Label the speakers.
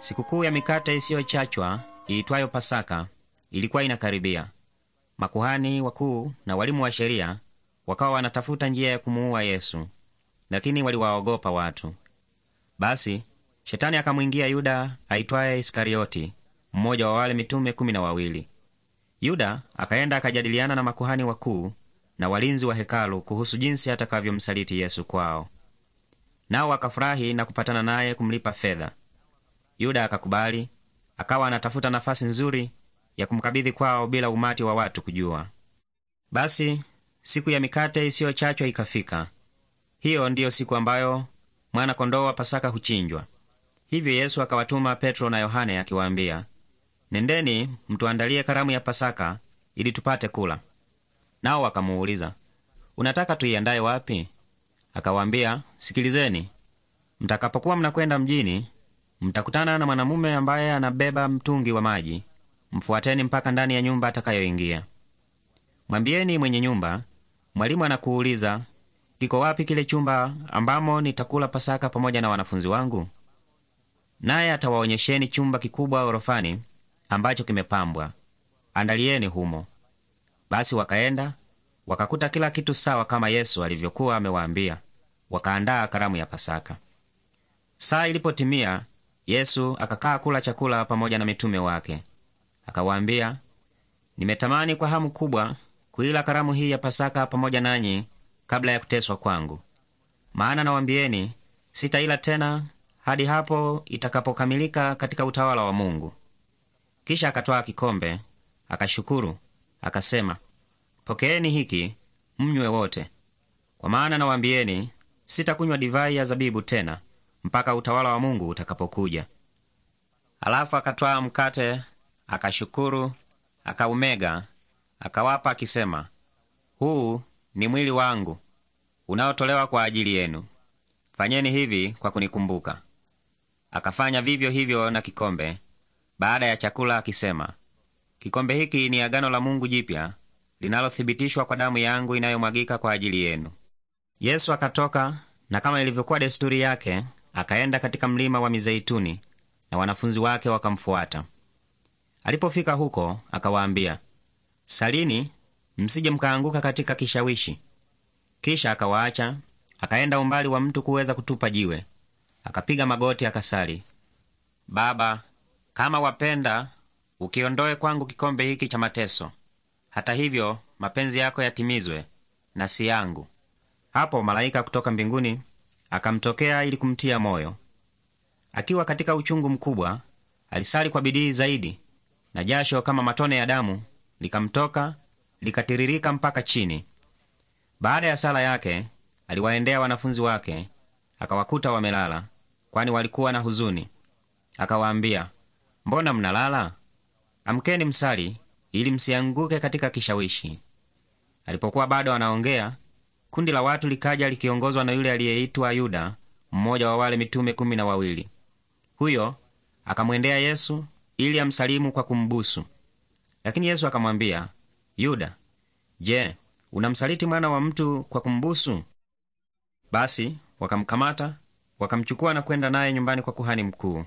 Speaker 1: Sikukuu ya mikate isiyochachwa iitwayo Pasaka ilikuwa inakaribia. Makuhani wakuu na walimu wa sheria wakawa wanatafuta njia ya kumuua Yesu, lakini waliwaogopa watu. Basi shetani akamwingia Yuda aitwaye Iskarioti, mmoja wa wale mitume kumi na wawili. Yuda akaenda akajadiliana na makuhani wakuu na walinzi wa hekalu kuhusu jinsi atakavyomsaliti Yesu kwao. Nao wakafurahi na kupatana naye kumlipa fedha. Yuda akakubali, akawa anatafuta nafasi nzuri ya kumkabidhi kwao bila umati wa watu kujua. Basi siku ya mikate isiyochachwa ikafika. Hiyo ndiyo siku ambayo mwana-kondoo wa Pasaka huchinjwa. Hivyo Yesu akawatuma Petro na Yohane akiwaambia, nendeni mtuandalie karamu ya Pasaka ili tupate kula. Nao wakamuuliza, unataka tuiandaye wapi? Akawaambia, sikilizeni, mtakapokuwa mnakwenda mjini mtakutana na mwanamume ambaye anabeba mtungi wa maji. Mfuateni mpaka ndani ya nyumba atakayoingia. Mwambieni mwenye nyumba, mwalimu anakuuliza, kiko wapi kile chumba ambamo nitakula Pasaka pamoja na wanafunzi wangu? Naye atawaonyesheni chumba kikubwa orofani ambacho kimepambwa, andalieni humo. Basi wakaenda wakakuta kila kitu sawa kama Yesu alivyokuwa amewaambia, wakaandaa karamu ya Pasaka. Saa ilipotimia Yesu akakaa kula chakula pamoja na mitume wake. Akawaambia, nimetamani kwa hamu kubwa kuila karamu hii ya Pasaka pamoja nanyi kabla ya kuteswa kwangu. Maana nawaambieni, sitaila tena hadi hapo itakapokamilika katika utawala wa Mungu. Kisha akatwaa kikombe, akashukuru, akasema, pokeeni hiki mnywe wote, kwa maana nawaambieni, sitakunywa divai ya zabibu tena mpaka utawala wa Mungu utakapokuja. Alafu akatwaa mkate, akashukuru, akaumega, akawapa akisema, huu ni mwili wangu unaotolewa kwa ajili yenu, fanyeni hivi kwa kunikumbuka. Akafanya vivyo hivyo na kikombe baada ya chakula, akisema, kikombe hiki ni agano la Mungu jipya linalothibitishwa kwa damu yangu inayomwagika kwa ajili yenu. Yesu akatoka na kama ilivyokuwa desturi yake Akaenda katika mlima wa Mizeituni, na wanafunzi wake wakamfuata. Alipofika huko, akawaambia, salini, msije mkaanguka katika kishawishi. Kisha akawaacha, akaenda umbali wa mtu kuweza kutupa jiwe. Akapiga magoti, akasali, Baba, kama wapenda, ukiondoe kwangu kikombe hiki cha mateso. Hata hivyo mapenzi yako yatimizwe na si yangu. Hapo malaika kutoka mbinguni akamtokea ili kumtia moyo. Akiwa katika uchungu mkubwa, alisali kwa bidii zaidi, na jasho kama matone ya damu likamtoka likatiririka mpaka chini. Baada ya sala yake, aliwaendea wanafunzi wake, akawakuta wamelala, kwani walikuwa na huzuni. Akawaambia, mbona mnalala? Amkeni msali, ili msianguke katika kishawishi. Alipokuwa bado anaongea, Kundi la watu likaja likiongozwa na yule aliyeitwa Yuda, mmoja wa wale mitume kumi na wawili. Huyo akamwendea Yesu ili amsalimu kwa kumbusu, lakini Yesu akamwambia Yuda, je, unamsaliti mwana wa mtu kwa kumbusu? Basi wakamkamata wakamchukua na kwenda naye nyumbani kwa kuhani mkuu.